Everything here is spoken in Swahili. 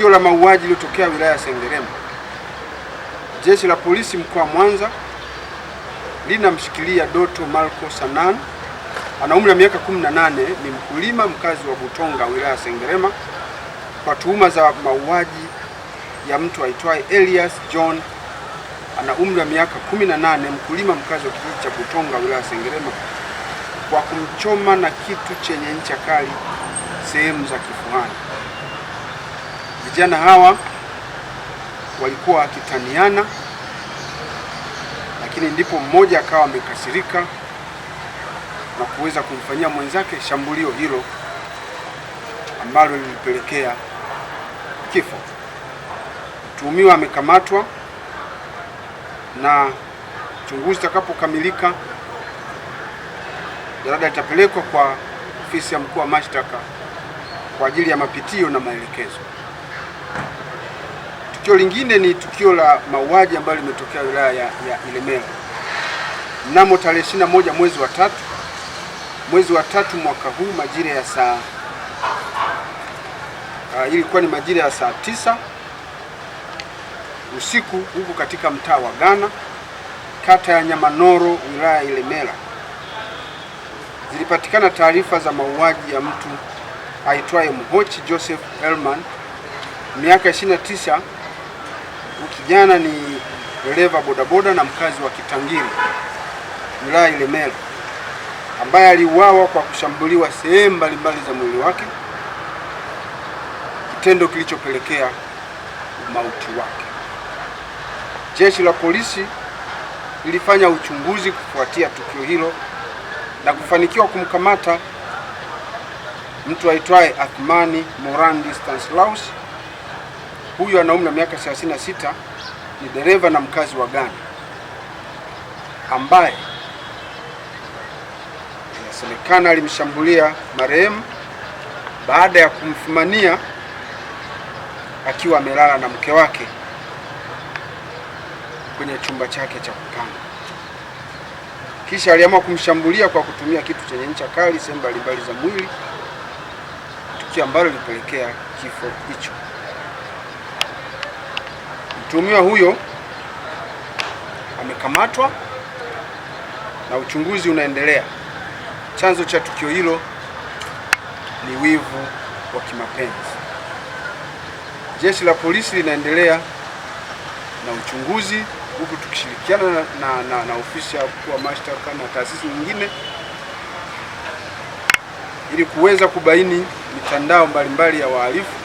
tukio la mauaji lililotokea wilaya ya Sengerema, jeshi la polisi mkoa wa Mwanza linamshikilia Doto Marco Sanan, ana umri wa miaka 18, ni mkulima mkazi wa Butonga, wilaya ya Sengerema, kwa tuhuma za mauaji ya mtu aitwaye Elias John, ana umri wa miaka 18, mkulima mkazi wa kijiji cha Butonga, wilaya ya Sengerema, kwa kumchoma na kitu chenye ncha kali sehemu za kifuani. Vijana hawa walikuwa wakitaniana, lakini ndipo mmoja akawa amekasirika na kuweza kumfanyia mwenzake shambulio hilo ambalo lilipelekea kifo. Mtuhumiwa amekamatwa na uchunguzi utakapokamilika, jalada litapelekwa kwa ofisi ya mkuu wa mashtaka kwa ajili ya mapitio na maelekezo. Tukio lingine ni tukio la mauaji ambayo limetokea wilaya ya, ya Ilemela mnamo tarehe 21 mwezi wa tatu mwezi wa tatu mwaka huu majira ya saa uh, ilikuwa ni majira ya saa tisa usiku huku katika mtaa wa Ghana kata ya Nyamanoro wilaya ya Ilemela zilipatikana taarifa za mauaji ya mtu aitwaye Mhochi Joseph Elman miaka 29 Kijana ni dereva bodaboda na mkazi wa Kitangiri wilaya Ilemela, ambaye aliuawa kwa kushambuliwa sehemu mbalimbali za mwili wake, kitendo kilichopelekea mauti wake. Jeshi la polisi lilifanya uchunguzi kufuatia tukio hilo na kufanikiwa kumkamata mtu aitwaye Athmani Morandi Stanislaus Huyu ana umri wa miaka 36, ni dereva na mkazi wa Ghana ambaye inasemekana alimshambulia marehemu baada ya kumfumania akiwa amelala na mke wake kwenye chumba chake cha kupanga. Kisha aliamua kumshambulia kwa kutumia kitu chenye ncha kali sehemu mbalimbali za mwili, tukio ambalo lilipelekea kifo hicho. Mtuhumiwa huyo amekamatwa na uchunguzi unaendelea. Chanzo cha tukio hilo ni wivu wa kimapenzi. Jeshi la polisi linaendelea na uchunguzi huku tukishirikiana na, na, na, na ofisi ya mkuu wa mashtaka na taasisi nyingine ili kuweza kubaini mitandao mbalimbali ya wahalifu.